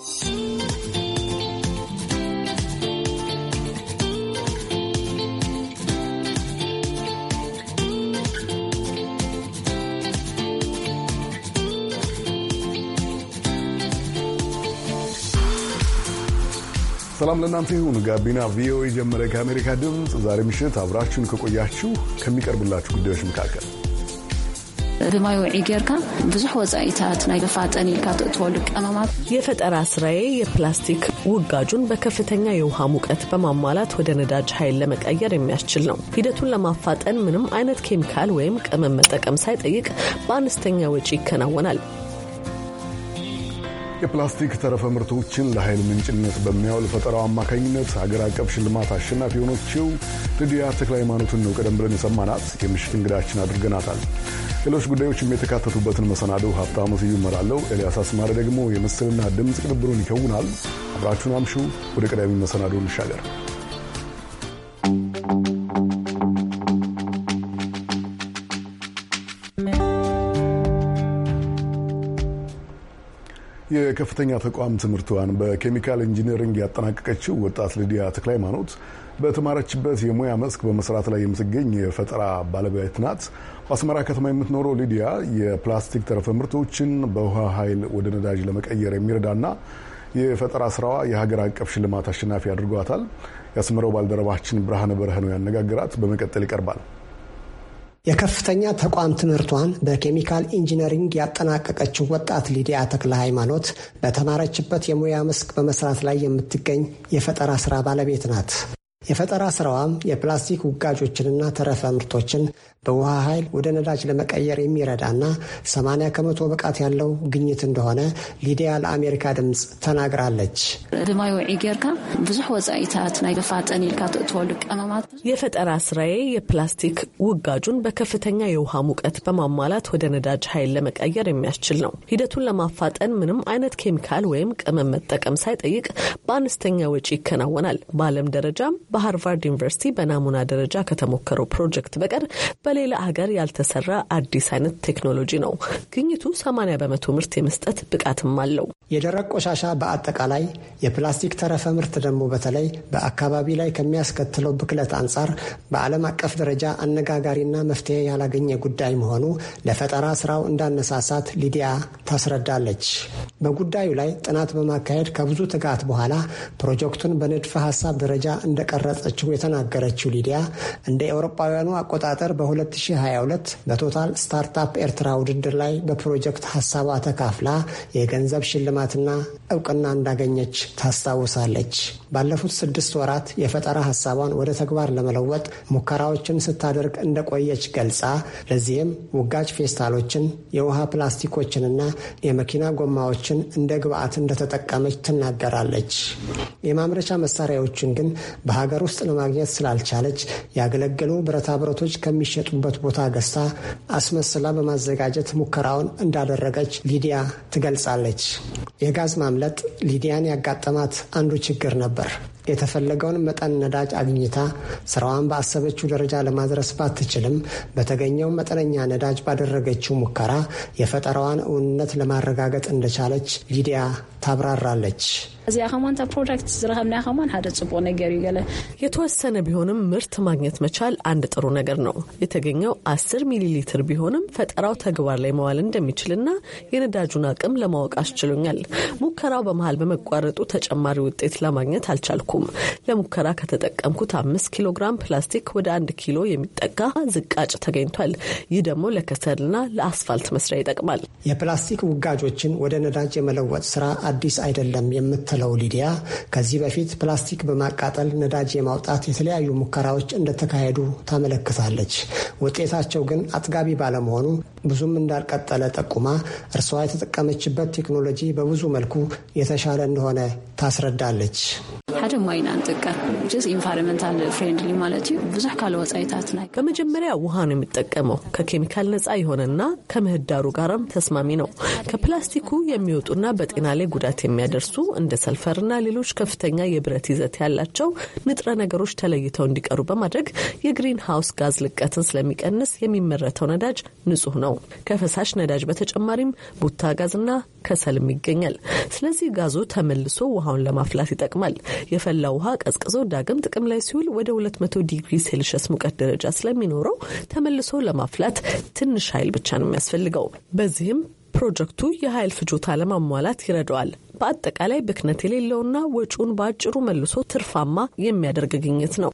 ሰላም ለእናንተ ይሁን። ጋቢና ቪኦኤ ጀመረ። ከአሜሪካ ድምፅ ዛሬ ምሽት አብራችሁን ከቆያችሁ ከሚቀርብላችሁ ጉዳዮች መካከል ብማይ ውዒ ጌርካ ብዙሕ ወፃኢታት ናይ ፋጠን ኢልካ ተእትወሉ ቀመማት የፈጠራ ስራዬ የፕላስቲክ ውጋጁን በከፍተኛ የውሃ ሙቀት በማሟላት ወደ ነዳጅ ኃይል ለመቀየር የሚያስችል ነው። ሂደቱን ለማፋጠን ምንም አይነት ኬሚካል ወይም ቅመም መጠቀም ሳይጠይቅ በአነስተኛ ወጪ ይከናወናል። የፕላስቲክ ተረፈ ምርቶችን ለኃይል ምንጭነት በሚያውል ፈጠራው አማካኝነት ሀገር አቀፍ ሽልማት አሸናፊ የሆነችው ልድያ ተክለ ሃይማኖትን ነው ቀደም ብለን የሰማናት የምሽት እንግዳችን አድርገናታል። ሌሎች ጉዳዮችም የተካተቱበትን መሰናደው ሀብታሙ ስዩም እመራለሁ። ኤልያስ አስማሪ ደግሞ የምስልና ድምፅ ቅንብሩን ይከውናል። አብራችሁን አምሹ። ወደ ቀዳሚ መሰናዶ እንሻገር። የከፍተኛ ተቋም ትምህርቷን በኬሚካል ኢንጂነሪንግ ያጠናቀቀችው ወጣት ልዲያ ተክለ ሃይማኖት በተማረችበት የሙያ መስክ በመስራት ላይ የምትገኝ የፈጠራ ባለቤት ናት። በአስመራ ከተማ የምትኖረው ሊዲያ የፕላስቲክ ተረፈ ምርቶችን በውሃ ኃይል ወደ ነዳጅ ለመቀየር የሚረዳና የፈጠራ ስራዋ የሀገር አቀፍ ሽልማት አሸናፊ አድርጓታል። የአስመራው ባልደረባችን ብርሃነ በረህ ነው ያነጋግራት። በመቀጠል ይቀርባል። የከፍተኛ ተቋም ትምህርቷን በኬሚካል ኢንጂነሪንግ ያጠናቀቀችው ወጣት ሊዲያ ተክለ ሃይማኖት በተማረችበት የሙያ መስክ በመስራት ላይ የምትገኝ የፈጠራ ስራ ባለቤት ናት። የፈጠራ ስራዋም የፕላስቲክ ውጋጆችንና ተረፈ ምርቶችን በውሃ ኃይል ወደ ነዳጅ ለመቀየር የሚረዳና 80 ከመቶ ብቃት ያለው ግኝት እንደሆነ ሊዲያ ለአሜሪካ ድምፅ ተናግራለች። እድማዊ ውዒ ጌርካ ብዙሕ ወፃኢታት ናይ ገፋጠን ኢልካ ትእትወሉ ቀመማት የፈጠራ ስራዬ የፕላስቲክ ውጋጁን በከፍተኛ የውሃ ሙቀት በማሟላት ወደ ነዳጅ ኃይል ለመቀየር የሚያስችል ነው። ሂደቱን ለማፋጠን ምንም አይነት ኬሚካል ወይም ቅመም መጠቀም ሳይጠይቅ በአነስተኛ ወጪ ይከናወናል። በዓለም ደረጃም በሃርቫርድ ዩኒቨርሲቲ በናሙና ደረጃ ከተሞከረው ፕሮጀክት በቀር በሌላ ሀገር ያልተሰራ አዲስ አይነት ቴክኖሎጂ ነው። ግኝቱ 80 በመቶ ምርት የመስጠት ብቃትም አለው። የደረቅ ቆሻሻ በአጠቃላይ የፕላስቲክ ተረፈ ምርት ደግሞ በተለይ በአካባቢ ላይ ከሚያስከትለው ብክለት አንጻር በዓለም አቀፍ ደረጃ አነጋጋሪና መፍትሄ ያላገኘ ጉዳይ መሆኑ ለፈጠራ ስራው እንዳነሳሳት ሊዲያ ታስረዳለች። በጉዳዩ ላይ ጥናት በማካሄድ ከብዙ ትጋት በኋላ ፕሮጀክቱን በንድፈ ሀሳብ ደረጃ እንደቀረጸችው የተናገረችው ሊዲያ እንደ ኤውሮጳውያኑ አቆጣጠር በ2022 በቶታል ስታርታፕ ኤርትራ ውድድር ላይ በፕሮጀክት ሀሳቧ ተካፍላ የገንዘብ ሽልማ ተቋማትና እውቅና እንዳገኘች ታስታውሳለች። ባለፉት ስድስት ወራት የፈጠራ ሀሳቧን ወደ ተግባር ለመለወጥ ሙከራዎችን ስታደርግ እንደቆየች ገልጻ ለዚህም ውጋጅ ፌስታሎችን፣ የውሃ ፕላስቲኮችንና የመኪና ጎማዎችን እንደ ግብአት እንደተጠቀመች ትናገራለች። የማምረቻ መሳሪያዎችን ግን በሀገር ውስጥ ለማግኘት ስላልቻለች ያገለገሉ ብረታ ብረቶች ከሚሸጡበት ቦታ ገዝታ አስመስላ በማዘጋጀት ሙከራውን እንዳደረገች ሊዲያ ትገልጻለች። የጋዝ ማምለ ለማምለጥ ሊዲያን ያጋጠማት አንዱ ችግር ነበር። የተፈለገውን መጠን ነዳጅ አግኝታ ስራዋን በአሰበችው ደረጃ ለማድረስ ባትችልም በተገኘው መጠነኛ ነዳጅ ባደረገችው ሙከራ የፈጠራዋን እውንነት ለማረጋገጥ እንደቻለች ሊዲያ ታብራራለች። የተወሰነ ቢሆንም ምርት ማግኘት መቻል አንድ ጥሩ ነገር ነው። የተገኘው አስር ሚሊ ሊትር ቢሆንም ፈጠራው ተግባር ላይ መዋል እንደሚችልና የነዳጁን አቅም ለማወቅ አስችሎኛል። ሙከራው በመሃል በመቋረጡ ተጨማሪ ውጤት ለማግኘት አልቻልኩም። አልሞከርኩም። ለሙከራ ከተጠቀምኩት አምስት ኪሎ ግራም ፕላስቲክ ወደ አንድ ኪሎ የሚጠጋ ዝቃጭ ተገኝቷል። ይህ ደግሞ ለከሰልና ለአስፋልት መስሪያ ይጠቅማል። የፕላስቲክ ውጋጆችን ወደ ነዳጅ የመለወጥ ስራ አዲስ አይደለም የምትለው ሊዲያ ከዚህ በፊት ፕላስቲክ በማቃጠል ነዳጅ የማውጣት የተለያዩ ሙከራዎች እንደተካሄዱ ታመለክታለች። ውጤታቸው ግን አጥጋቢ ባለመሆኑ ብዙም እንዳልቀጠለ ጠቁማ እርሷ የተጠቀመችበት ቴክኖሎጂ በብዙ መልኩ የተሻለ እንደሆነ ታስረዳለች። ሓደ የማይናንጥቀ ኢንቫይሮንመንታል ፍሬንድሊ ማለት ብዙሕ ካልኦ ወፃኢታት ናይ በመጀመሪያ ውሃ ነው የሚጠቀመው ከኬሚካል ነጻ የሆነና ከምህዳሩ ጋርም ተስማሚ ነው። ከፕላስቲኩ የሚወጡና በጤና ላይ ጉዳት የሚያደርሱ እንደ ሰልፈርና ሌሎች ከፍተኛ የብረት ይዘት ያላቸው ንጥረ ነገሮች ተለይተው እንዲቀሩ በማድረግ የግሪን ሀውስ ጋዝ ልቀትን ስለሚቀንስ የሚመረተው ነዳጅ ንጹህ ነው። ከፈሳሽ ነዳጅ በተጨማሪም ቡታ ጋዝና ከሰልም ይገኛል። ስለዚህ ጋዙ ተመልሶ ውሃውን ለማፍላት ይጠቅማል። የፈላ ውሃ ቀዝቅዞ ዳግም ጥቅም ላይ ሲውል ወደ 200 ዲግሪ ሴልሸስ ሙቀት ደረጃ ስለሚኖረው ተመልሶ ለማፍላት ትንሽ ኃይል ብቻ ነው የሚያስፈልገው። በዚህም ፕሮጀክቱ የኃይል ፍጆታ ለማሟላት ይረዳዋል። በአጠቃላይ ብክነት የሌለውና ወጪውን በአጭሩ መልሶ ትርፋማ የሚያደርግ ግኝት ነው።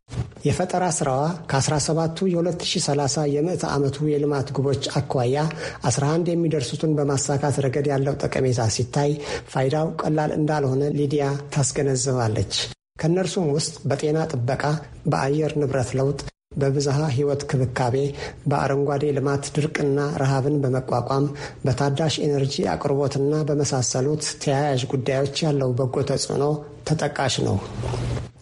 የፈጠራ ስራዋ ከ17ቱ የ2030 የምዕተ ዓመቱ የልማት ግቦች አኳያ 11 የሚደርሱትን በማሳካት ረገድ ያለው ጠቀሜታ ሲታይ ፋይዳው ቀላል እንዳልሆነ ሊዲያ ታስገነዝባለች። ከእነርሱም ውስጥ በጤና ጥበቃ፣ በአየር ንብረት ለውጥ፣ በብዝሃ ሕይወት ክብካቤ፣ በአረንጓዴ ልማት፣ ድርቅና ረሃብን በመቋቋም በታዳሽ ኤነርጂ አቅርቦትና በመሳሰሉት ተያያዥ ጉዳዮች ያለው በጎ ተጽዕኖ ተጠቃሽ ነው።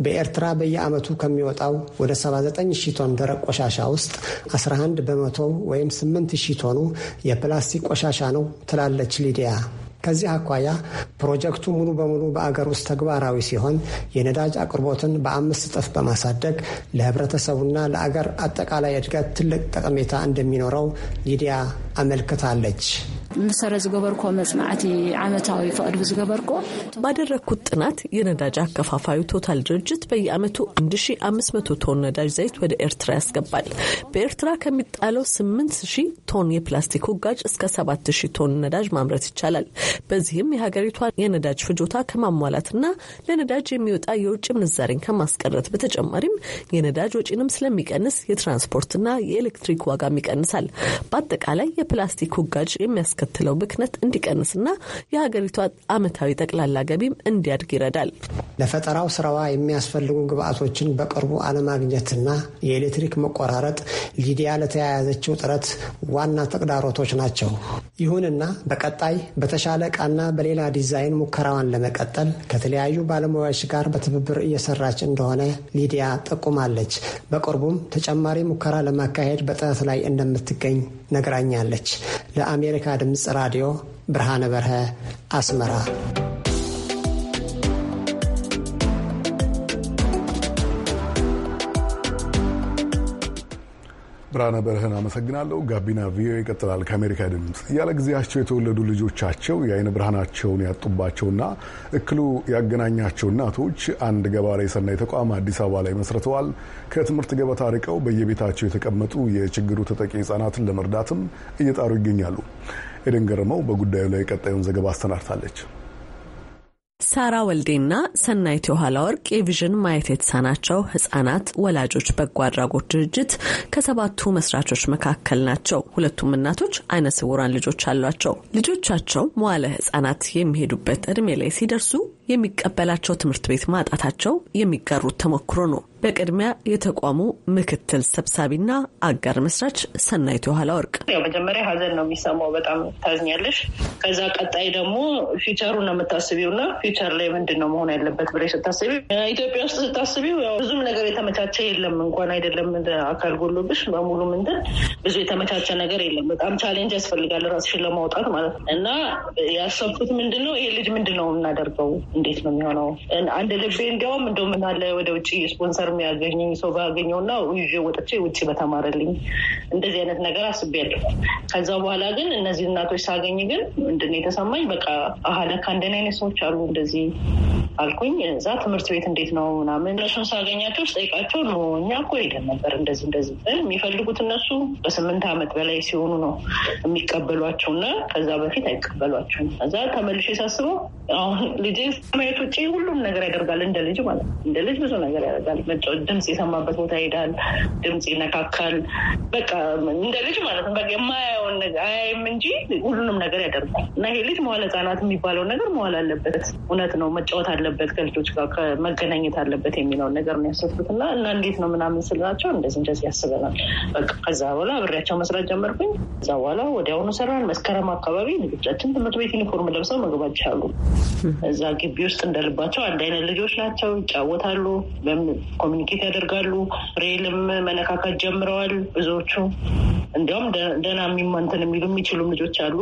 በኤርትራ በየዓመቱ ከሚወጣው ወደ 79 ቶን ደረቅ ቆሻሻ ውስጥ 11 በመቶ ወይም 8 ቶኑ የፕላስቲክ ቆሻሻ ነው ትላለች ሊዲያ። ከዚህ አኳያ ፕሮጀክቱ ሙሉ በሙሉ በአገር ውስጥ ተግባራዊ ሲሆን የነዳጅ አቅርቦትን በአምስት እጥፍ በማሳደግ ለህብረተሰቡና ለአገር አጠቃላይ እድገት ትልቅ ጠቀሜታ እንደሚኖረው ሊዲያ አመልክታለች። ምሰረ ዝገበርኮ መፅናዕቲ ዓመታዊ ፍቅድ ብዝገበርኮ ባደረግኩት ጥናት የነዳጅ አከፋፋዩ ቶታል ድርጅት በየአመቱ 1500 ቶን ነዳጅ ዘይት ወደ ኤርትራ ያስገባል። በኤርትራ ከሚጣለው 8000 ቶን የፕላስቲክ ውጋጅ እስከ 7000 ቶን ነዳጅ ማምረት ይቻላል። በዚህም የሀገሪቷ የነዳጅ ፍጆታ ከማሟላትና ለነዳጅ የሚወጣ የውጭ ምንዛሬን ከማስቀረት በተጨማሪም የነዳጅ ወጪንም ስለሚቀንስ የትራንስፖርትና የኤሌክትሪክ ዋጋም ይቀንሳል። በአጠቃላይ የፕላስቲክ ውጋጅ የሚያስከ የሚያስከትለው ብክነት እንዲቀንስና የሀገሪቷ አመታዊ ጠቅላላ ገቢም እንዲያድግ ይረዳል። ለፈጠራው ስራዋ የሚያስፈልጉ ግብአቶችን በቅርቡ አለማግኘትና የኤሌክትሪክ መቆራረጥ ሊዲያ ለተያያዘችው ጥረት ዋና ተግዳሮቶች ናቸው። ይሁንና በቀጣይ በተሻለ እቃና በሌላ ዲዛይን ሙከራዋን ለመቀጠል ከተለያዩ ባለሙያዎች ጋር በትብብር እየሰራች እንደሆነ ሊዲያ ጠቁማለች። በቅርቡም ተጨማሪ ሙከራ ለማካሄድ በጥረት ላይ እንደምትገኝ ነግራኛለች። ለአሜሪካ ድምፅ ድምፅ ራዲዮ ብርሃነ በርሀ አስመራ። ብርሃነ በርህን አመሰግናለሁ። ጋቢና ቪኦኤ ይቀጥላል። ከአሜሪካ ድምፅ ያለ ጊዜያቸው የተወለዱ ልጆቻቸው የአይን ብርሃናቸውን ያጡባቸውና እክሉ ያገናኛቸው እናቶች አንድ ገባሬ ሰናይ ተቋም አዲስ አበባ ላይ መስርተዋል። ከትምህርት ገበታ ርቀው በየቤታቸው የተቀመጡ የችግሩ ተጠቂ ህጻናትን ለመርዳትም እየጣሩ ይገኛሉ። ኤደን ገርመው በጉዳዩ ላይ ቀጣዩን ዘገባ አሰናድታለች። ሳራ ወልዴና ሰናይት የኋላ ወርቅ የቪዥን ማየት የተሳናቸው ህጻናት ወላጆች በጎ አድራጎት ድርጅት ከሰባቱ መስራቾች መካከል ናቸው። ሁለቱም እናቶች አይነ ስውራን ልጆች አሏቸው። ልጆቻቸው መዋለ ህጻናት የሚሄዱበት እድሜ ላይ ሲደርሱ የሚቀበላቸው ትምህርት ቤት ማጣታቸው የሚጋሩት ተሞክሮ ነው። በቅድሚያ የተቋሙ ምክትል ሰብሳቢና አጋር መስራች ሰናይት ኋላ ወርቅ። ያው መጀመሪያ ሀዘን ነው የሚሰማው፣ በጣም ታዝኛለሽ። ከዛ ቀጣይ ደግሞ ፊውቸሩ ነው የምታስቢው እና ፊውቸር ላይ ምንድን ነው መሆን ያለበት ብለሽ ስታስቢ ኢትዮጵያ ውስጥ ስታስቢው ብዙም ነገር የተመቻቸ የለም። እንኳን አይደለም አካል ጎሎብሽ በሙሉ ምንድን ብዙ የተመቻቸ ነገር የለም። በጣም ቻሌንጅ ያስፈልጋል ራስሽን ለማውጣት ማለት ነው እና ያሰብኩት ምንድን ነው ይሄ ልጅ ምንድን ነው የምናደርገው? እንዴት ነው የሚሆነው? አንድ ልቤ እንዲያውም ምናለ ወደ ውጭ ስፖንሰር ከሚያገኘኝ ሰው ባገኘውና ይዤ ወጥቼ ውጭ በተማረልኝ እንደዚህ አይነት ነገር አስቤያለሁ። ከዛ በኋላ ግን እነዚህ እናቶች ሳገኝ ግን ምንድን ነው የተሰማኝ በቃ አህለ ከአንደን አይነት ሰዎች አሉ እንደዚህ አልኩኝ። እዛ ትምህርት ቤት እንዴት ነው ምናምን እነሱን ሳገኛቸው ስጠይቃቸው ነው እኛ እኮ ሄደን ነበር እንደዚህ እንደዚህ የሚፈልጉት እነሱ በስምንት ዓመት በላይ ሲሆኑ ነው የሚቀበሏቸው እና ከዛ በፊት አይቀበሏቸውም። እዛ ተመልሼ ሳስበው አሁን ልጄ ማየት ውጭ ሁሉም ነገር ያደርጋል እንደ ልጅ ማለት እንደ ልጅ ብዙ ነገር ያደርጋል። የሚጮህ ድምፅ የሰማበት ቦታ ይሄዳል። ድምፅ ይነካካል። በቃ እንደ ልጅ ማለት ነው። በቃ የማያየውን ነገር አያይም እንጂ ሁሉንም ነገር ያደርጋል። እና ይሄ ልጅ መዋለ ህጻናት የሚባለው ነገር መዋል አለበት። እውነት ነው። መጫወት አለበት፣ ከልጆች ጋር መገናኘት አለበት የሚለውን ነገር ነው ያሰብኩት። እና እና እንዴት ነው ምናምን ስላቸው እንደዚህ እንደዚህ ያስበናል። በቃ ከዛ በኋላ አብሬያቸው መስራት ጀመርኩኝ። ከዛ በኋላ ወዲያውኑ ሰራን። መስከረም አካባቢ ልጆቻችን ትምህርት ቤት ዩኒፎርም ለብሰው መግባት ይችላሉ። እዛ ግቢ ውስጥ እንደልባቸው አንድ አይነት ልጆች ናቸው፣ ይጫወታሉ ኮሚኒኬት ያደርጋሉ። ሬልም መነካካት ጀምረዋል ብዙዎቹ። እንዲያውም ደህና የሚማንትን የሚሉ የሚችሉም ልጆች አሉ።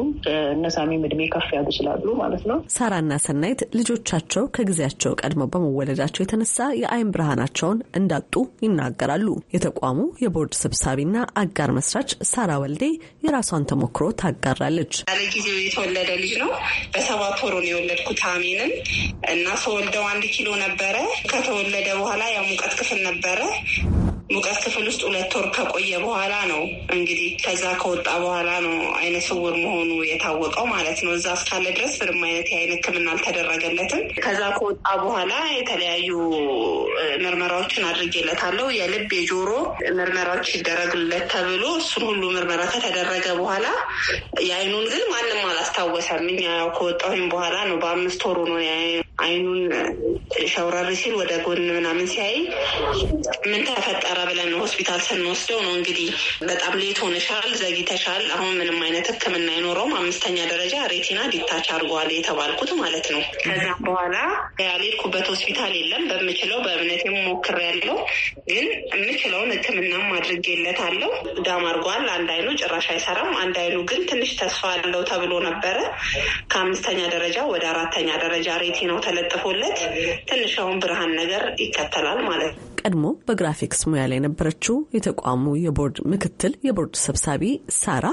እነሳሚም እድሜ ከፍ ያሉ ስላሉ ማለት ነው። ሳራና ሰናይት ልጆቻቸው ከጊዜያቸው ቀድመው በመወለዳቸው የተነሳ የአይን ብርሃናቸውን እንዳጡ ይናገራሉ። የተቋሙ የቦርድ ሰብሳቢና አጋር መስራች ሳራ ወልዴ የራሷን ተሞክሮ ታጋራለች። ያለ የተወለደ ልጅ ነው። በሰባት ወሩ ነው የወለድኩት አሜንን እና ሰወልደው ወልደው አንድ ኪሎ ነበረ። ከተወለደ በኋላ ያ ሙቀት ሙቀት ክፍል ነበረ። ሙቀት ክፍል ውስጥ ሁለት ወር ከቆየ በኋላ ነው እንግዲህ ከዛ ከወጣ በኋላ ነው አይነ ስውር መሆኑ የታወቀው ማለት ነው። እዛ እስካለ ድረስ ምንም አይነት የአይን ሕክምና አልተደረገለትም። ከዛ ከወጣ በኋላ የተለያዩ ምርመራዎችን አድርጌለታለሁ። የልብ የጆሮ ምርመራዎች ይደረግለት ተብሎ እሱን ሁሉ ምርመራ ከተደረገ በኋላ የአይኑን ግን ማንም አላስታወሰም። እኛ ከወጣሁኝ በኋላ ነው በአምስት ወሩ ነው አይኑን ሸውረር ሲል ወደ ጎን ምናምን ሲያይ ምን ተፈጠረ ብለን ሆስፒታል ስንወስደው ነው እንግዲህ በጣም ሌት ሆነሻል፣ ዘግይተሻል፣ አሁን ምንም አይነት ሕክምና አይኖረውም፣ አምስተኛ ደረጃ ሬቲና ዲታች አድርጓል የተባልኩት ማለት ነው። ከዛም በኋላ ያልሄድኩበት ሆስፒታል የለም። በምችለው በእምነት ሞክር ያለው ግን የምችለውን ሕክምናም አድርጌለት አለው ዳም አድርጓል። አንድ አይኑ ጭራሽ አይሰራም። አንድ አይኑ ግን ትንሽ ተስፋ አለው ተብሎ ነበረ። ከአምስተኛ ደረጃ ወደ አራተኛ ደረጃ ሬቲናው ተለጥፎለት ትንሻውን ብርሃን ነገር ይከተላል ማለት ነው። ቀድሞ በግራፊክስ ሙያ ላይ የነበረችው የተቋሙ የቦርድ ምክትል የቦርድ ሰብሳቢ ሳራ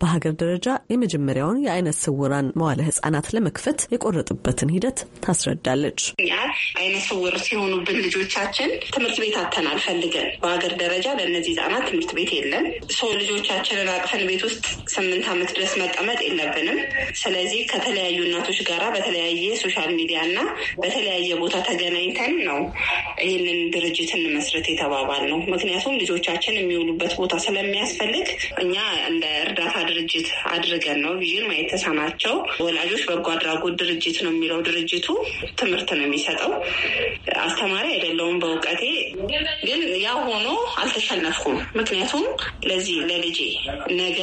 በሀገር ደረጃ የመጀመሪያውን የአይነ ስውራን መዋለ ህጻናት ለመክፈት የቆረጥበትን ሂደት ታስረዳለች። እኛ አይነ ስውር ሲሆኑብን ልጆቻችን ትምህርት ቤት አተናል ፈልገን በሀገር ደረጃ ለእነዚህ ህጻናት ትምህርት ቤት የለም። ሰው ልጆቻችንን አቅፈን ቤት ውስጥ ስምንት ዓመት ድረስ መቀመጥ የለብንም። ስለዚህ ከተለያዩ እናቶች ጋራ በተለያየ ሶሻል ሚዲያ እና በተለያየ ቦታ ተገናኝተን ነው ይህንን ድርጅት እንመስረት የተባባል ነው። ምክንያቱም ልጆቻችን የሚውሉበት ቦታ ስለሚያስፈልግ እኛ እንደ እርዳታ ድርጅት አድርገን ነው ቪዥን ማየት ተሳናቸው ወላጆች በጎ አድራጎት ድርጅት ነው የሚለው ድርጅቱ ትምህርት ነው የሚሰጠው። አስተማሪ አይደለውም በእውቀቴ ግን ያ ሆኖ አልተሸነፍኩም። ምክንያቱም ለዚህ ለልጄ ነገ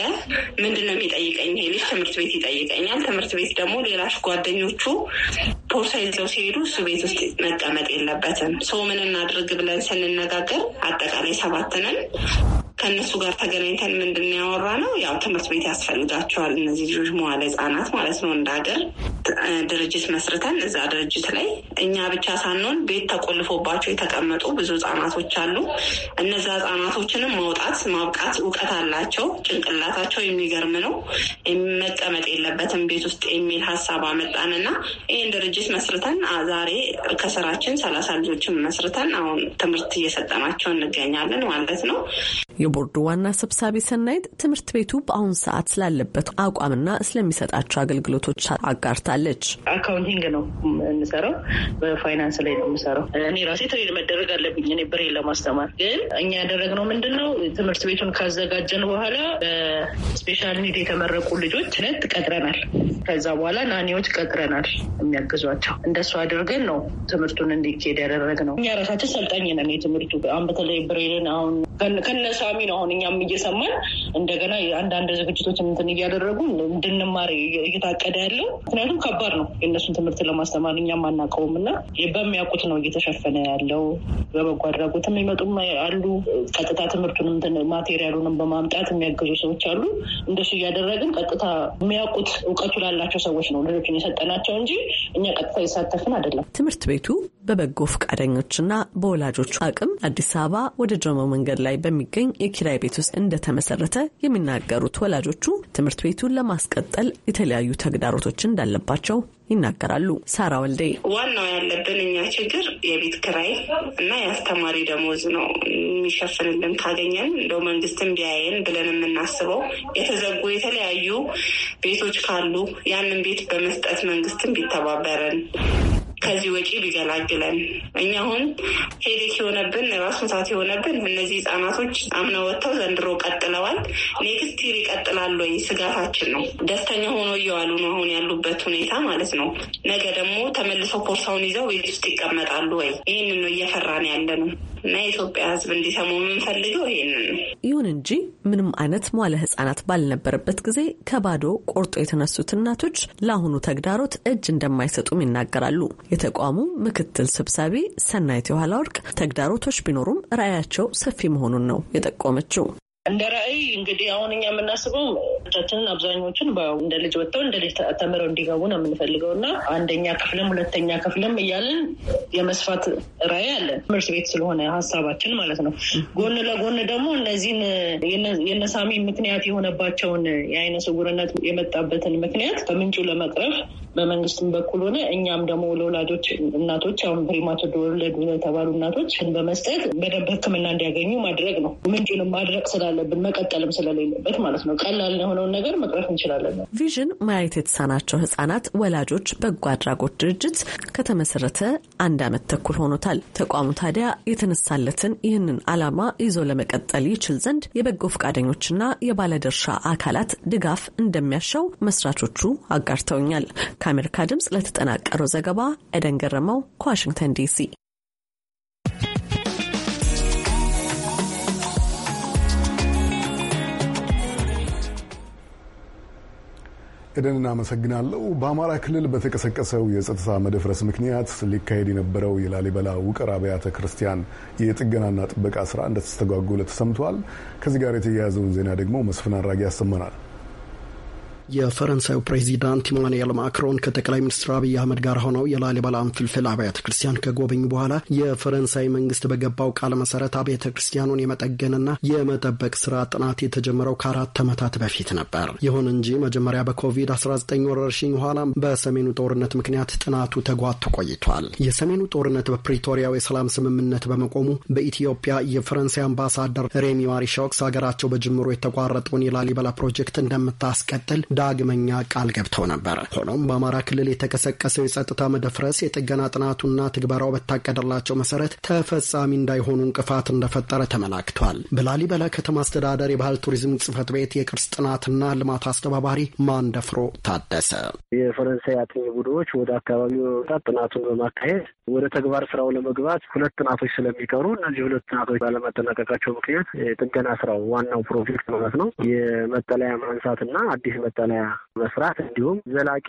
ምንድን ነው የሚጠይቀኝ? ይሄ ልጅ ትምህርት ቤት ይጠይቀኛል። ትምህርት ቤት ደግሞ ሌላሽ ጓደኞቹ ቦርሳ ይዘው ሲሄዱ እሱ ቤት ውስጥ መቀመጥ የለበትም። ሰው ምን እናድርግ ብለን ስንነጋገር አጠቃላይ ሰባት ነን። ከእነሱ ጋር ተገናኝተን ምንድን ያወራ ነው ያው ትምህርት ቤት ያስፈልጋቸዋል እነዚህ ልጆች መዋለ ህጻናት ማለት ነው። እንደ ሀገር ድርጅት መስርተን እዛ ድርጅት ላይ እኛ ብቻ ሳንሆን ቤት ተቆልፎባቸው የተቀመጡ ብዙ ህጻናቶች አሉ። እነዛ ህጻናቶችንም ማውጣት ማብቃት፣ እውቀት አላቸው፣ ጭንቅላታቸው የሚገርም ነው፣ መቀመጥ የለበትም ቤት ውስጥ የሚል ሀሳብ ና ይህን ድርጅት መስርተን ዛሬ ከስራችን ሰላሳ ልጆችን መስርተን አሁን ትምህርት እየሰጠናቸው እንገኛለን ማለት ነው። የቦርዱ ዋና ሰብሳቢ ሰናይት ትምህርት ቤቱ በአሁን ሰዓት ስላለበት አቋምና ስለሚሰጣቸው አገልግሎቶች አጋርታለች። አካውንቲንግ ነው የምንሰራው፣ በፋይናንስ ላይ ነው የምሰራው። እኔ ራሴ ትሬድ መደረግ አለብኝ እኔ ብሬን ለማስተማር ግን እኛ ያደረግነው ምንድን ነው ትምህርት ቤቱን ካዘጋጀን በኋላ በስፔሻል ኒድ የተመረቁ ልጆች ነት ቀጥረናል። ከዛ በኋላ ናኒዎች ቀጥረናል የሚያግዟቸው። እንደሱ አድርገን ነው ትምህርቱን እንዲካሄድ ያደረግነው። እኛ ራሳችን ሰልጣኝ ነን የትምህርቱ በተለይ ብሬንን አሁን ከነሳሚ ነው አሁን እኛም እየሰማን እንደገና አንዳንድ ዝግጅቶች እንትን እያደረጉ እንድንማር እየታቀደ ያለው ምክንያቱም ከባድ ነው የእነሱን ትምህርት ለማስተማር እኛም አናውቀውም እና በሚያውቁት ነው እየተሸፈነ ያለው። በበጎ አድራጎትም ይመጡም አሉ። ቀጥታ ትምህርቱን ማቴሪያሉንም በማምጣት የሚያገዙ ሰዎች አሉ። እንደሱ እያደረግን ቀጥታ የሚያውቁት እውቀቱ ላላቸው ሰዎች ነው ልጆችን የሰጠናቸው እንጂ እኛ ቀጥታ ይሳተፍን አይደለም። ትምህርት ቤቱ በበጎ ፈቃደኞችና በወላጆቹ አቅም አዲስ አበባ ወደ ጆሞ መንገድ ላይ በሚገኝ የኪራይ ቤት ውስጥ እንደተመሰረተ የሚናገሩት ወላጆቹ ትምህርት ቤቱን ለማስቀጠል የተለያዩ ተግዳሮቶች እንዳለባቸው ይናገራሉ። ሳራ ወልዴ ዋናው ያለብን እኛ ችግር የቤት ክራይ እና የአስተማሪ ደሞዝ ነው የሚሸፍንልን ካገኘን እንደው መንግስትን ቢያየን ብለን የምናስበው የተዘጉ የተለያዩ ቤቶች ካሉ ያንን ቤት በመስጠት መንግስትን ቢተባበረን ከዚህ ወጪ ቢገላግለን። እኛ አሁን ሄዴክ የሆነብን ራስ ምታት የሆነብን እነዚህ ህጻናቶች አምና ወጥተው ዘንድሮ ቀጥለዋል። ኔክስት ይር ይቀጥላሉ ወይ ስጋታችን ነው። ደስተኛ ሆኖ እየዋሉ ነው አሁን ያሉበት ሁኔታ ማለት ነው። ነገ ደግሞ ተመልሰው ፖርሳውን ይዘው ቤት ውስጥ ይቀመጣሉ ወይ? ይህንን ነው እየፈራን ያለ ነው። እና የኢትዮጵያ ሕዝብ እንዲሰሙ የምንፈልገው ይህንን ነው። ይሁን እንጂ ምንም አይነት መዋለ ሕጻናት ባልነበረበት ጊዜ ከባዶ ቆርጦ የተነሱት እናቶች ለአሁኑ ተግዳሮት እጅ እንደማይሰጡም ይናገራሉ። የተቋሙ ምክትል ሰብሳቢ ሰናይት የኋላ ወርቅ ተግዳሮቶች ቢኖሩም ራዕያቸው ሰፊ መሆኑን ነው የጠቆመችው። እንደ ራዕይ እንግዲህ አሁን እኛ የምናስበው ልጆቻችንን አብዛኞቹን እንደ ልጅ ወጥተው እንደ ልጅ ተምረው እንዲገቡ ነው የምንፈልገው እና አንደኛ ክፍልም ሁለተኛ ክፍልም እያልን የመስፋት ራዕይ አለን። ትምህርት ቤት ስለሆነ ሀሳባችን ማለት ነው። ጎን ለጎን ደግሞ እነዚህን የነሳሚ ምክንያት የሆነባቸውን የአይነ ስውርነት የመጣበትን ምክንያት ከምንጩ ለመቅረፍ በመንግስትም በኩል ሆነ እኛም ደግሞ ለወላጆች እናቶች አሁን በሪማቶድ ወለዱ የተባሉ እናቶች በመስጠት በደንብ ህክምና እንዲያገኙ ማድረግ ነው። ምንጩንም ማድረቅ ስላለብን መቀጠልም ስለሌለበት ማለት ነው። ቀላል የሆነውን ነገር መቅረፍ እንችላለን። ቪዥን ማየት የተሳናቸው ህጻናት ወላጆች በጎ አድራጎት ድርጅት ከተመሰረተ አንድ ዓመት ተኩል ሆኖታል። ተቋሙ ታዲያ የተነሳለትን ይህንን ዓላማ ይዞ ለመቀጠል ይችል ዘንድ የበጎ ፈቃደኞችና የባለድርሻ አካላት ድጋፍ እንደሚያሻው መስራቾቹ አጋርተውኛል። ከአሜሪካ ድምፅ ለተጠናቀረው ዘገባ ኤደን ገረመው ከዋሽንግተን ዲሲ። ኤደን እናመሰግናለሁ። በአማራ ክልል በተቀሰቀሰው የጸጥታ መደፍረስ ምክንያት ሊካሄድ የነበረው የላሊበላ ውቅር አብያተ ክርስቲያን የጥገናና ጥበቃ ስራ እንደተስተጓጎለ ተሰምተዋል። ከዚህ ጋር የተያያዘውን ዜና ደግሞ መስፍን አድራጊ ያሰማናል። የፈረንሳዩ ፕሬዚዳንት ኢማኑኤል ማክሮን ከጠቅላይ ሚኒስትር አብይ አህመድ ጋር ሆነው የላሊበላን ፍልፍል አብያተ ክርስቲያን ከጎበኙ በኋላ የፈረንሳይ መንግስት በገባው ቃል መሰረት አብያተ ክርስቲያኑን የመጠገንና የመጠበቅ ስራ ጥናት የተጀመረው ከአራት ዓመታት በፊት ነበር። ይሁን እንጂ መጀመሪያ በኮቪድ-19 ወረርሽኝ ኋላም በሰሜኑ ጦርነት ምክንያት ጥናቱ ተጓቶ ቆይቷል። የሰሜኑ ጦርነት በፕሪቶሪያው የሰላም ስምምነት በመቆሙ በኢትዮጵያ የፈረንሳይ አምባሳደር ሬሚ ዋሪሾክስ ሀገራቸው በጅምሮ የተቋረጠውን የላሊበላ ፕሮጀክት እንደምታስቀጥል ዳግመኛ ቃል ገብተው ነበር። ሆኖም በአማራ ክልል የተቀሰቀሰው የጸጥታ መደፍረስ የጥገና ጥናቱና ትግበራው በታቀደላቸው መሰረት ተፈጻሚ እንዳይሆኑ እንቅፋት እንደፈጠረ ተመላክቷል። በላሊበላ ከተማ አስተዳደር የባህል ቱሪዝም ጽህፈት ቤት የቅርስ ጥናትና ልማት አስተባባሪ ማንደፍሮ ታደሰ የፈረንሳይ አጥኚ ቡድኖች ወደ አካባቢው በመምጣት ጥናቱን በማካሄድ ወደ ተግባር ስራው ለመግባት ሁለት ጥናቶች ስለሚቀሩ እነዚህ ሁለት ጥናቶች ባለመጠናቀቃቸው ምክንያት የጥገና ስራው ዋናው ፕሮጀክት ማለት ነው የመጠለያ ማንሳትና አዲስ መጠ ማጠናያ መስራት እንዲሁም ዘላቂ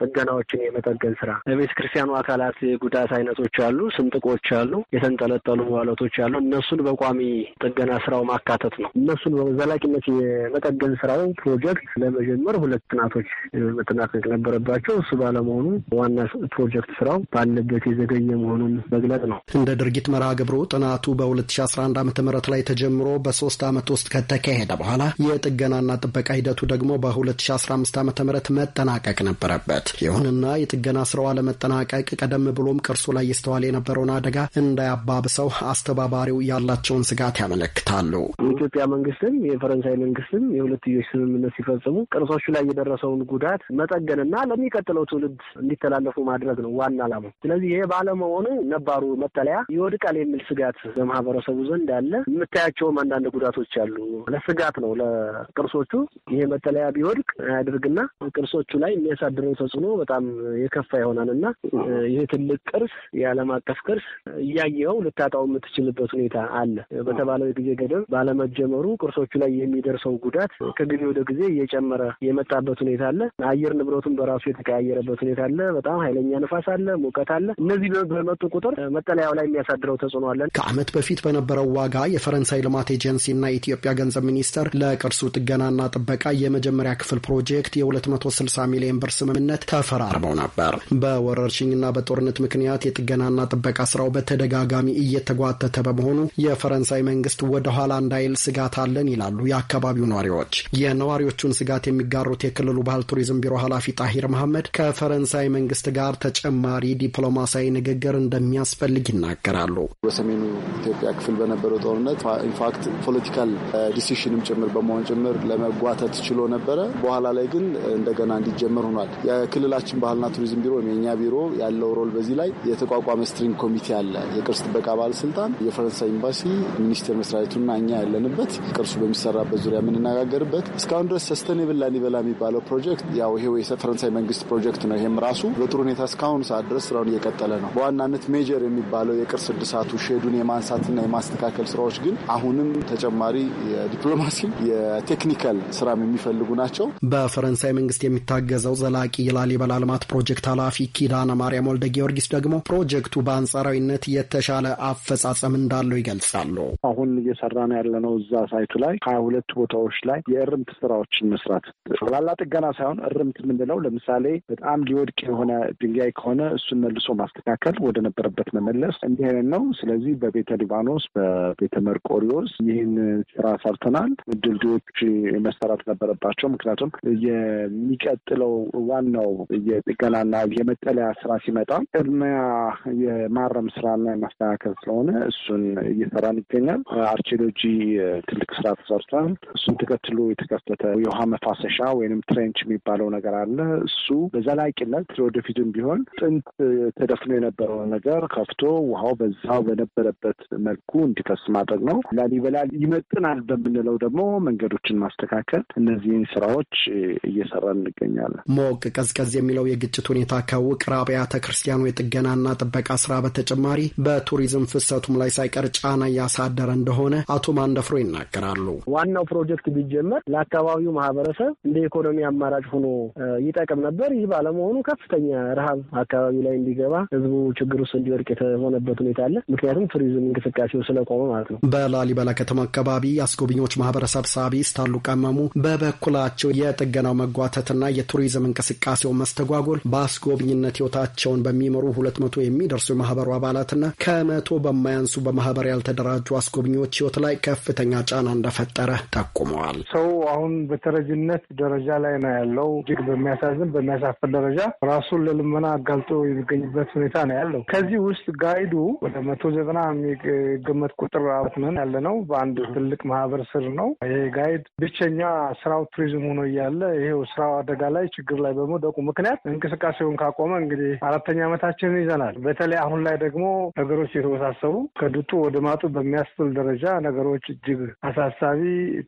ጥገናዎችን የመጠገን ስራ ለቤተ ክርስቲያኑ አካላት የጉዳት አይነቶች አሉ፣ ስንጥቆች አሉ፣ የተንጠለጠሉ ዋለቶች አሉ። እነሱን በቋሚ ጥገና ስራው ማካተት ነው። እነሱን በዘላቂነት የመጠገን ስራው ፕሮጀክት ለመጀመር ሁለት ጥናቶች መጠናቀቅ ነበረባቸው። እሱ ባለመሆኑ ዋና ፕሮጀክት ስራው ባለበት የዘገየ መሆኑን መግለጥ ነው። እንደ ድርጊት መርሃ ግብሩ ጥናቱ በ2011 ዓ ም ላይ ተጀምሮ በሶስት ዓመት ውስጥ ከተካሄደ በኋላ የጥገናና ጥበቃ ሂደቱ ደግሞ በ 2015 ዓ ም መጠናቀቅ ነበረበት። ይሁንና የጥገና ስራው አለመጠናቀቅ ቀደም ብሎም ቅርሱ ላይ ይስተዋል የነበረውን አደጋ እንዳያባብሰው አስተባባሪው ያላቸውን ስጋት ያመለክታሉ። የኢትዮጵያ መንግስትም የፈረንሳይ መንግስትም የሁለትዮሽ ስምምነት ሲፈጽሙ ቅርሶቹ ላይ የደረሰውን ጉዳት መጠገንና ለሚቀጥለው ትውልድ እንዲተላለፉ ማድረግ ነው ዋና ዓላማ። ስለዚህ ይሄ ባለመሆኑ ነባሩ መጠለያ ይወድቃል የሚል ስጋት በማህበረሰቡ ዘንድ አለ። የምታያቸውም አንዳንድ ጉዳቶች አሉ። ለስጋት ነው ለቅርሶቹ ይሄ መጠለያ ቢወድቅ አያደርግና ቅርሶቹ ላይ የሚያሳድረው ተጽዕኖ በጣም የከፋ ይሆናል እና ይህ ትልቅ ቅርስ የዓለም አቀፍ ቅርስ እያየኸው ልታጣው የምትችልበት ሁኔታ አለ። በተባለው የጊዜ ገደብ ባለመጀመሩ ቅርሶቹ ላይ የሚደርሰው ጉዳት ከጊዜ ወደ ጊዜ እየጨመረ የመጣበት ሁኔታ አለ። አየር ንብረቱን በራሱ የተቀያየረበት ሁኔታ አለ። በጣም ኃይለኛ ንፋስ አለ፣ ሙቀት አለ። እነዚህ በመጡ ቁጥር መጠለያው ላይ የሚያሳድረው ተጽዕኖ አለን። ከዓመት በፊት በነበረው ዋጋ የፈረንሳይ ልማት ኤጀንሲ እና የኢትዮጵያ ገንዘብ ሚኒስቴር ለቅርሱ ጥገናና ጥበቃ የመጀመሪያ ክፍል ፕሮጀክት የ260 ሚሊዮን ብር ስምምነት ተፈራርመው ነበር። በወረርሽኝና በጦርነት ምክንያት የጥገናና ጥበቃ ስራው በተደጋጋሚ እየተጓተተ በመሆኑ የፈረንሳይ መንግስት ወደ ኋላ እንዳይል ስጋት አለን ይላሉ የአካባቢው ነዋሪዎች። የነዋሪዎቹን ስጋት የሚጋሩት የክልሉ ባህል ቱሪዝም ቢሮ ኃላፊ ጣሂር መሐመድ ከፈረንሳይ መንግስት ጋር ተጨማሪ ዲፕሎማሲያዊ ንግግር እንደሚያስፈልግ ይናገራሉ። በሰሜኑ ኢትዮጵያ ክፍል በነበረው ጦርነት ኢንፋክት ፖለቲካል ዲሲሽንም ጭምር በመሆን ጭምር ለመጓተት ችሎ ነበረ። በኋላ ላይ ግን እንደገና እንዲጀመር ሆኗል። የክልላችን ባህልና ቱሪዝም ቢሮ ወይም የኛ ቢሮ ያለው ሮል በዚህ ላይ የተቋቋመ ስትሪንግ ኮሚቴ አለ። የቅርስ ጥበቃ ባለስልጣን፣ የፈረንሳይ ኤምባሲ፣ ሚኒስቴር መስሪያ ቤቱና እኛ ያለንበት ቅርሱ በሚሰራበት ዙሪያ የምንነጋገርበት እስካሁን ድረስ ሰስተኔብል ላሊበላ የሚባለው ፕሮጀክት ያው ይሄው የፈረንሳይ መንግስት ፕሮጀክት ነው። ይህም ራሱ በጥሩ ሁኔታ እስካሁን ሰዓት ድረስ ስራውን እየቀጠለ ነው። በዋናነት ሜጀር የሚባለው የቅርስ እድሳቱ ሼዱን የማንሳትና የማስተካከል ስራዎች ግን አሁንም ተጨማሪ የዲፕሎማሲ የቴክኒካል ስራም የሚፈልጉ ናቸው። በፈረንሳይ መንግስት የሚታገዘው ዘላቂ የላሊበላ ልማት ፕሮጀክት ኃላፊ ኪዳነ ማርያም ወልደ ጊዮርጊስ ደግሞ ፕሮጀክቱ በአንጻራዊነት የተሻለ አፈጻጸም እንዳለው ይገልጻሉ። አሁን እየሰራ ነው ያለነው እዛ ሳይቱ ላይ ሀያ ሁለት ቦታዎች ላይ የእርምት ስራዎችን መስራት ላላ ጥገና ሳይሆን እርምት የምንለው ለምሳሌ በጣም ሊወድቅ የሆነ ድንጋይ ከሆነ እሱን መልሶ ማስተካከል፣ ወደ ነበረበት መመለስ እንዲህ ነው። ስለዚህ በቤተ ሊባኖስ በቤተ መርቆሪዎስ ይህን ስራ ሰርተናል። ድልድዮች መሰራት ነበረባቸው። ምክንያቱም የሚቀጥለው ዋናው የጥገናና የመጠለያ ስራ ሲመጣ ቅድሚያ የማረም ስራና የማስተካከል ስለሆነ እሱን እየሰራን ይገኛል። አርኪኦሎጂ ትልቅ ስራ ተሰርቷል። እሱን ተከትሎ የተከፈተ የውሃ መፋሰሻ ወይም ትሬንች የሚባለው ነገር አለ። እሱ በዘላቂነት ወደፊትም ቢሆን ጥንት ተደፍኖ የነበረውን ነገር ከፍቶ ውሃው በዛው በነበረበት መልኩ እንዲፈስ ማድረግ ነው። ላሊበላ ይመጥናል በምንለው ደግሞ መንገዶችን ማስተካከል እነዚህን ስራዎች እየሰራ እንገኛለን። ሞቅ ቀዝቀዝ የሚለው የግጭት ሁኔታ ከውቅር አብያተ ክርስቲያኑ የጥገናና ጥበቃ ስራ በተጨማሪ በቱሪዝም ፍሰቱም ላይ ሳይቀር ጫና እያሳደረ እንደሆነ አቶ ማንደፍሮ ይናገራሉ። ዋናው ፕሮጀክት ቢጀመር ለአካባቢው ማህበረሰብ እንደ ኢኮኖሚ አማራጭ ሆኖ ይጠቅም ነበር። ይህ ባለመሆኑ ከፍተኛ ረሃብ አካባቢው ላይ እንዲገባ ህዝቡ ችግር ውስጥ እንዲወድቅ የተሆነበት ሁኔታ አለ። ምክንያቱም ቱሪዝም እንቅስቃሴው ስለቆመ ማለት ነው። በላሊበላ ከተማ አካባቢ የአስጎብኞች ማህበረሰብ ሳቢ ስታሉ ቀመሙ በበኩላቸው የጥገናው መጓተትና የቱሪዝም እንቅስቃሴው መስተጓጎል በአስጎብኝነት ህይወታቸውን በሚመሩ ሁለት መቶ የሚደርሱ የማህበሩ አባላትና ከመቶ በማያንሱ በማህበር ያልተደራጁ አስጎብኚዎች ህይወት ላይ ከፍተኛ ጫና እንደፈጠረ ጠቁመዋል። ሰው አሁን በተረጅነት ደረጃ ላይ ነው ያለው። እጅግ በሚያሳዝን በሚያሳፍር ደረጃ ራሱን ለልመና አጋልጦ የሚገኝበት ሁኔታ ነው ያለው። ከዚህ ውስጥ ጋይዱ ወደ መቶ ዘጠና የሚገመት ቁጥር አባላት ነን ያለ ነው። በአንድ ትልቅ ማህበር ስር ነው ይሄ ጋይድ ብቸኛ ስራው ቱሪዝም ሆኖ እያለ ይሄው ስራው አደጋ ላይ ችግር ላይ በመውደቁ ምክንያት እንቅስቃሴውን ካቆመ እንግዲህ አራተኛ ዓመታችንን ይዘናል። በተለይ አሁን ላይ ደግሞ ነገሮች የተወሳሰቡ ከድጡ ወደ ማጡ በሚያስብል ደረጃ ነገሮች እጅግ አሳሳቢ፣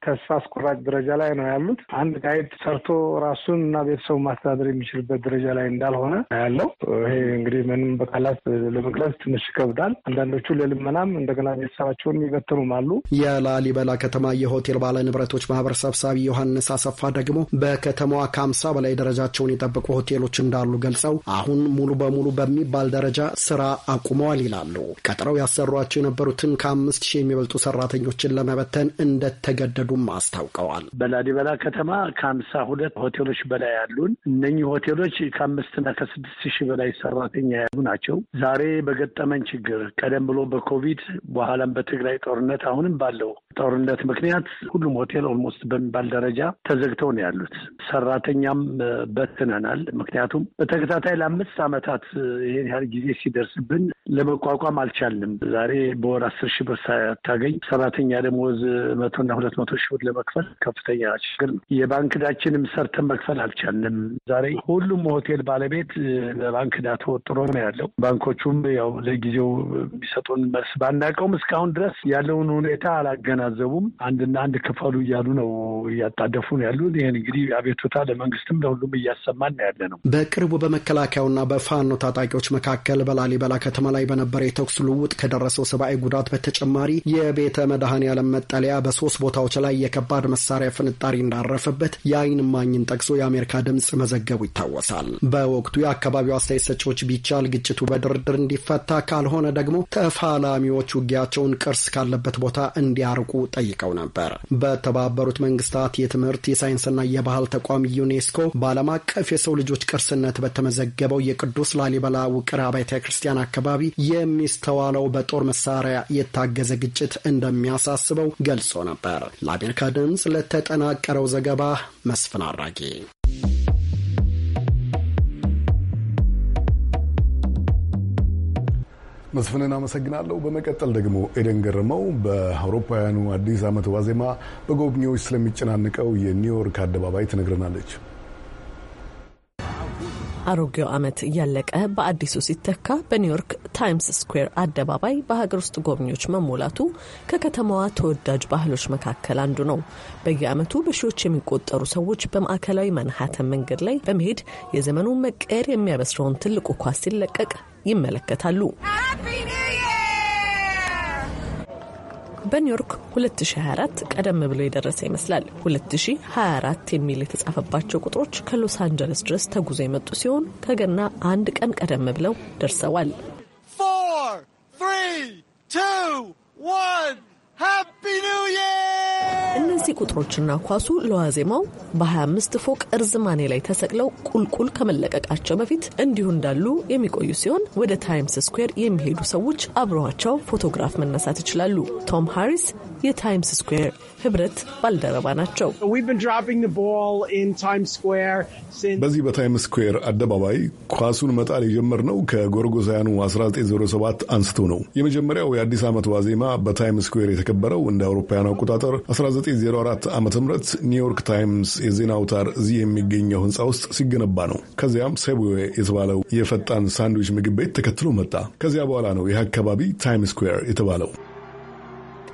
ተስፋ አስቆራጭ ደረጃ ላይ ነው ያሉት። አንድ ጋይድ ሰርቶ ራሱን እና ቤተሰቡን ማስተዳደር የሚችልበት ደረጃ ላይ እንዳልሆነ ያለው ይሄ እንግዲህ ምንም በቃላት ለመግለጽ ትንሽ ይከብዳል። አንዳንዶቹ ለልመናም እንደገና ቤተሰባቸውን ይበትኑም አሉ። የላሊበላ ከተማ የሆቴል ባለ ንብረቶች ማህበር ሰብሳቢ ዮሐንስ አሰፋ ደግሞ በከተማዋ ከአምሳ በላይ ደረጃቸውን የጠበቁ ሆቴሎች እንዳሉ ገልጸው አሁን ሙሉ በሙሉ በሚባል ደረጃ ስራ አቁመዋል ይላሉ። ቀጥረው ያሰሯቸው የነበሩትን ከአምስት ሺህ የሚበልጡ ሰራተኞችን ለመበተን እንደተገደዱም አስታውቀዋል። በላሊበላ ከተማ ከአምሳ ሁለት ሆቴሎች በላይ ያሉን እነኚህ ሆቴሎች ከአምስትና ከስድስት ሺህ በላይ ሰራተኛ ያሉ ናቸው። ዛሬ በገጠመን ችግር ቀደም ብሎ በኮቪድ በኋላም በትግራይ ጦርነት አሁንም ባለው ጦርነት ምክንያት ሁሉም ሆቴል ኦልሞስት በሚባል ደረጃ ተዘግተው ነው ያሉት። ሰራተኛም በትነናል። ምክንያቱም በተከታታይ ለአምስት ዓመታት ይሄን ያህል ጊዜ ሲደርስብን ለመቋቋም አልቻልንም። ዛሬ በወር አስር ሺህ ብር ሳታገኝ ሰራተኛ ደሞዝ መቶና ሁለት መቶ ሺህ ብር ለመክፈል ከፍተኛ ችግር ነው። የባንክ ዕዳችንም ሰርተን መክፈል አልቻልንም። ዛሬ ሁሉም ሆቴል ባለቤት በባንክ ዕዳ ተወጥሮ ነው ያለው። ባንኮቹም ያው ለጊዜው የሚሰጡን መልስ ባናውቀውም እስካሁን ድረስ ያለውን ሁኔታ አላገናዘቡም። አንድና አንድ ክፈሉ እያሉ ነው እያጣደፉ ነው ያሉ። ይህን እንግዲህ አቤቱታ ለመንግስትም ለሁሉም እያሰማን ያለ ነው። በቅርቡ በመከላከያውና በፋኖ ታጣቂዎች መካከል በላሊበላ ከተማ ላይ በነበረ የተኩስ ልውውጥ ከደረሰው ሰብአዊ ጉዳት በተጨማሪ የቤተ መድኃኔ ዓለም መጠለያ በሶስት ቦታዎች ላይ የከባድ መሳሪያ ፍንጣሪ እንዳረፈበት የአይን ማኝን ጠቅሶ የአሜሪካ ድምፅ መዘገቡ ይታወሳል። በወቅቱ የአካባቢው አስተያየት ሰጪዎች ቢቻል ግጭቱ በድርድር እንዲፈታ፣ ካልሆነ ደግሞ ተፋላሚዎች ውጊያቸውን ቅርስ ካለበት ቦታ እንዲያርቁ ጠይቀው ነበር። በተባበሩት መንግስታት የትምህርት የሳይንስና የባህል ተቋም ዩኔስኮ በዓለም አቀፍ የሰው ልጆች ቅርስነት በተመዘገበው የቅዱስ ላሊበላ ውቅር አብያተ ክርስቲያን አካባቢ የሚስተዋለው በጦር መሳሪያ የታገዘ ግጭት እንደሚያሳስበው ገልጾ ነበር። ለአሜሪካ ድምፅ ለተጠናቀረው ዘገባ መስፍን አራጌ መስፍንን አመሰግናለሁ። በመቀጠል ደግሞ ኤደን ገረመው በአውሮፓውያኑ አዲስ ዓመት ዋዜማ በጎብኚዎች ስለሚጨናንቀው የኒውዮርክ አደባባይ ትነግረናለች። አሮጌው ዓመት እያለቀ በአዲሱ ሲተካ በኒውዮርክ ታይምስ ስኩዌር አደባባይ በሀገር ውስጥ ጎብኚዎች መሞላቱ ከከተማዋ ተወዳጅ ባህሎች መካከል አንዱ ነው። በየዓመቱ በሺዎች የሚቆጠሩ ሰዎች በማዕከላዊ መንሃተን መንገድ ላይ በመሄድ የዘመኑ መቀየር የሚያበስረውን ትልቁ ኳስ ሲለቀቅ ይመለከታሉ። በኒውዮርክ 2024 ቀደም ብሎ የደረሰ ይመስላል። 2024 የሚል የተጻፈባቸው ቁጥሮች ከሎስ አንጀለስ ድረስ ተጉዞ የመጡ ሲሆን ከገና አንድ ቀን ቀደም ብለው ደርሰዋል። ሃፒ ኒው ይር እነዚህ ቁጥሮችና ኳሱ ለዋዜማው በ25 ፎቅ እርዝማኔ ላይ ተሰቅለው ቁልቁል ከመለቀቃቸው በፊት እንዲሁ እንዳሉ የሚቆዩ ሲሆን ወደ ታይምስ ስኩዌር የሚሄዱ ሰዎች አብረዋቸው ፎቶግራፍ መነሳት ይችላሉ። ቶም ሃሪስ የታይምስ ስኩዌር ህብረት ባልደረባ ናቸው። በዚህ በታይም ስኩዌር አደባባይ ኳሱን መጣል የጀመርነው ከጎርጎሳያኑ 1907 አንስቶ ነው። የመጀመሪያው የአዲስ ዓመት ዋዜማ በታይም ስኩዌር የተከበረው እንደ አውሮፓውያኑ አቆጣጠር 1904 ዓ ም ኒውዮርክ ታይምስ የዜና አውታር እዚህ የሚገኘው ህንፃ ውስጥ ሲገነባ ነው። ከዚያም ሰብዌ የተባለው የፈጣን ሳንድዊች ምግብ ቤት ተከትሎ መጣ። ከዚያ በኋላ ነው ይህ አካባቢ ታይም ስኩዌር የተባለው።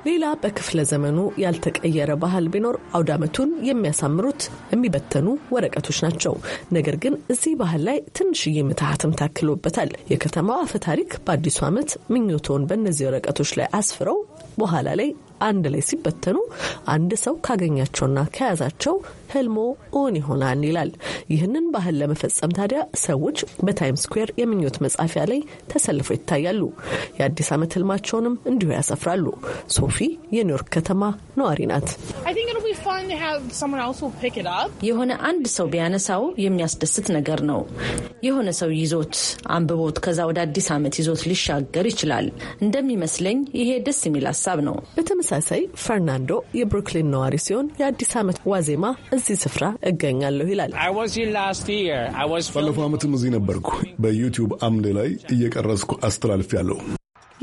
ሌላ በክፍለ ዘመኑ ያልተቀየረ ባህል ቢኖር አውዳመቱን የሚያሳምሩት የሚበተኑ ወረቀቶች ናቸው። ነገር ግን እዚህ ባህል ላይ ትንሽዬ ምትሃትም ታክሎበታል። የከተማዋ አፈታሪክ በአዲሱ ዓመት ምኞቶውን በእነዚህ ወረቀቶች ላይ አስፍረው በኋላ ላይ አንድ ላይ ሲበተኑ አንድ ሰው ካገኛቸውና ከያዛቸው ህልሞ እውን ይሆናል ይላል። ይህንን ባህል ለመፈጸም ታዲያ ሰዎች በታይም ስኩዌር የምኞት መጻፊያ ላይ ተሰልፈው ይታያሉ። የአዲስ ዓመት ህልማቸውንም እንዲሁ ያሰፍራሉ። ሶፊ የኒውዮርክ ከተማ ነዋሪ ናት። የሆነ አንድ ሰው ቢያነሳው የሚያስደስት ነገር ነው። የሆነ ሰው ይዞት አንብቦት ከዛ ወደ አዲስ ዓመት ይዞት ሊሻገር ይችላል። እንደሚመስለኝ ይሄ ደስ የሚል ሀሳብ ነው። ተመሳሳይ ፈርናንዶ የብሩክሊን ነዋሪ ሲሆን የአዲስ ዓመት ዋዜማ እዚህ ስፍራ እገኛለሁ ይላል። ባለፈው ዓመትም እዚህ ነበርኩ። በዩቲዩብ አምዴ ላይ እየቀረስኩ አስተላልፍ ያለው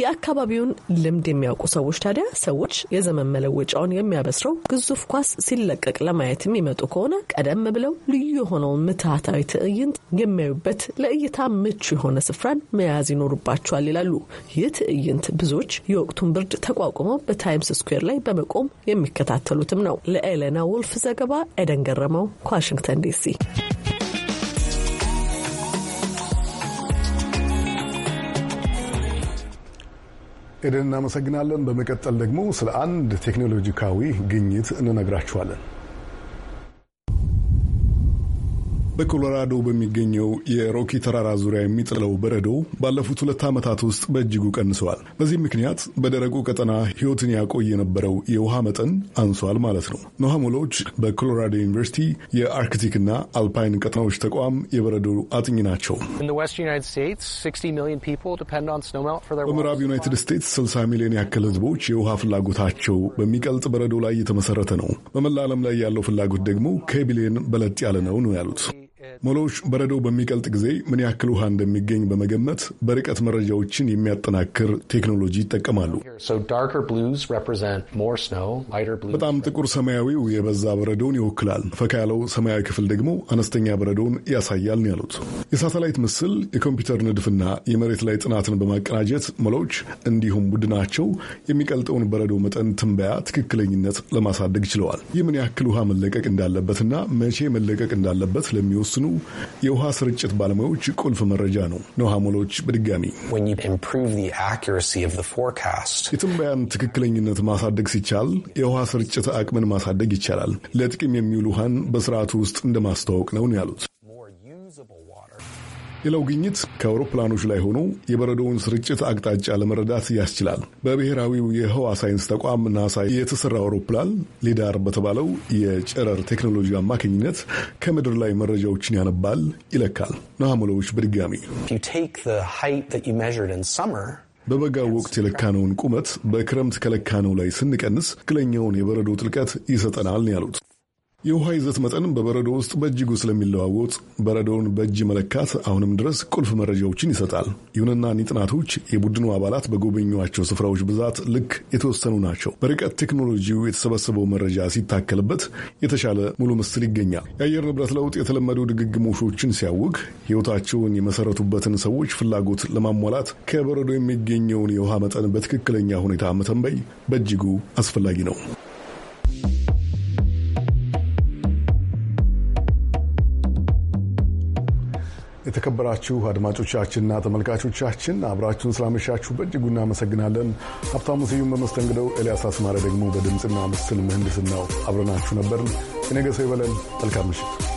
የአካባቢውን ልምድ የሚያውቁ ሰዎች ታዲያ ሰዎች የዘመን መለወጫውን የሚያበስረው ግዙፍ ኳስ ሲለቀቅ ለማየት የሚመጡ ከሆነ ቀደም ብለው ልዩ የሆነውን ምትሃታዊ ትዕይንት የሚያዩበት ለእይታ ምቹ የሆነ ስፍራን መያዝ ይኖሩባቸዋል ይላሉ። ይህ ትዕይንት ብዙዎች የወቅቱን ብርድ ተቋቁመው በታይምስ ስኩዌር ላይ በመቆም የሚከታተሉትም ነው። ለኤሌና ወልፍ ዘገባ ኤደን ገረመው ከዋሽንግተን ዲሲ ኤደን እናመሰግናለን። በመቀጠል ደግሞ ስለ አንድ ቴክኖሎጂካዊ ግኝት እንነግራችኋለን። በኮሎራዶ በሚገኘው የሮኪ ተራራ ዙሪያ የሚጥለው በረዶ ባለፉት ሁለት ዓመታት ውስጥ በእጅጉ ቀንሰዋል። በዚህ ምክንያት በደረቁ ቀጠና ሕይወትን ያቆይ የነበረው የውሃ መጠን አንሷል ማለት ነው። ሞሎች በኮሎራዶ ዩኒቨርሲቲ የአርክቲክና አልፓይን ቀጠናዎች ተቋም የበረዶ አጥኚ ናቸው። በምዕራብ ዩናይትድ ስቴትስ 60 ሚሊዮን ያክል ህዝቦች የውሃ ፍላጎታቸው በሚቀልጥ በረዶ ላይ የተመሰረተ ነው። በመላ ዓለም ላይ ያለው ፍላጎት ደግሞ ከቢሊየን በለጥ ያለ ነው ነው ያሉት። ሞሎዎች በረዶው በሚቀልጥ ጊዜ ምን ያክል ውሃ እንደሚገኝ በመገመት በርቀት መረጃዎችን የሚያጠናክር ቴክኖሎጂ ይጠቀማሉ። በጣም ጥቁር ሰማያዊው የበዛ በረዶውን ይወክላል። ፈካ ያለው ሰማያዊ ክፍል ደግሞ አነስተኛ በረዶውን ያሳያል ያሉት። የሳተላይት ምስል፣ የኮምፒውተር ንድፍና የመሬት ላይ ጥናትን በማቀናጀት ሞሎዎች እንዲሁም ቡድናቸው የሚቀልጠውን በረዶ መጠን ትንበያ ትክክለኝነት ለማሳደግ ችለዋል። ይህ ምን ያክል ውሃ መለቀቅ እንዳለበትና መቼ መለቀቅ እንዳለበት ለሚወስኑ የውሃ ስርጭት ባለሙያዎች ቁልፍ መረጃ ነው። ሞሎች በድጋሚ የትንበያን ትክክለኝነት ማሳደግ ሲቻል የውሃ ስርጭት አቅምን ማሳደግ ይቻላል። ለጥቅም የሚውል ውሃን በስርዓቱ ውስጥ እንደማስተዋወቅ ነው ያሉት ሌላው ግኝት ከአውሮፕላኖች ላይ ሆኖ የበረዶውን ስርጭት አቅጣጫ ለመረዳት ያስችላል። በብሔራዊው የህዋ ሳይንስ ተቋም ናሳ የተሰራ አውሮፕላን ሊዳር በተባለው የጨረር ቴክኖሎጂ አማካኝነት ከምድር ላይ መረጃዎችን ያነባል፣ ይለካል። ናሙሎዎች በድጋሚ በበጋ ወቅት የለካነውን ቁመት በክረምት ከለካነው ላይ ስንቀንስ ትክክለኛውን የበረዶ ጥልቀት ይሰጠናል ያሉት የውሃ ይዘት መጠን በበረዶ ውስጥ በእጅጉ ስለሚለዋወጥ በረዶውን በእጅ መለካት አሁንም ድረስ ቁልፍ መረጃዎችን ይሰጣል። ይሁንና እኒህ ጥናቶች የቡድኑ አባላት በጎበኟቸው ስፍራዎች ብዛት ልክ የተወሰኑ ናቸው። በርቀት ቴክኖሎጂው የተሰበሰበው መረጃ ሲታከልበት የተሻለ ሙሉ ምስል ይገኛል። የአየር ንብረት ለውጥ የተለመዱ ድግግሞሾችን ሲያውቅ ሕይወታቸውን የመሰረቱበትን ሰዎች ፍላጎት ለማሟላት ከበረዶ የሚገኘውን የውሃ መጠን በትክክለኛ ሁኔታ መተንበይ በእጅጉ አስፈላጊ ነው። የተከበራችሁ አድማጮቻችንና ተመልካቾቻችን አብራችሁን ስላመሻችሁ በእጅጉ እናመሰግናለን። ሀብታሙ ስዩም በመስተንግደው፣ ኤልያስ አስማረ ደግሞ በድምፅና ምስል ምህንድስናው አብረናችሁ ነበርን። የነገ ሰው ይበለን። መልካም ምሽት።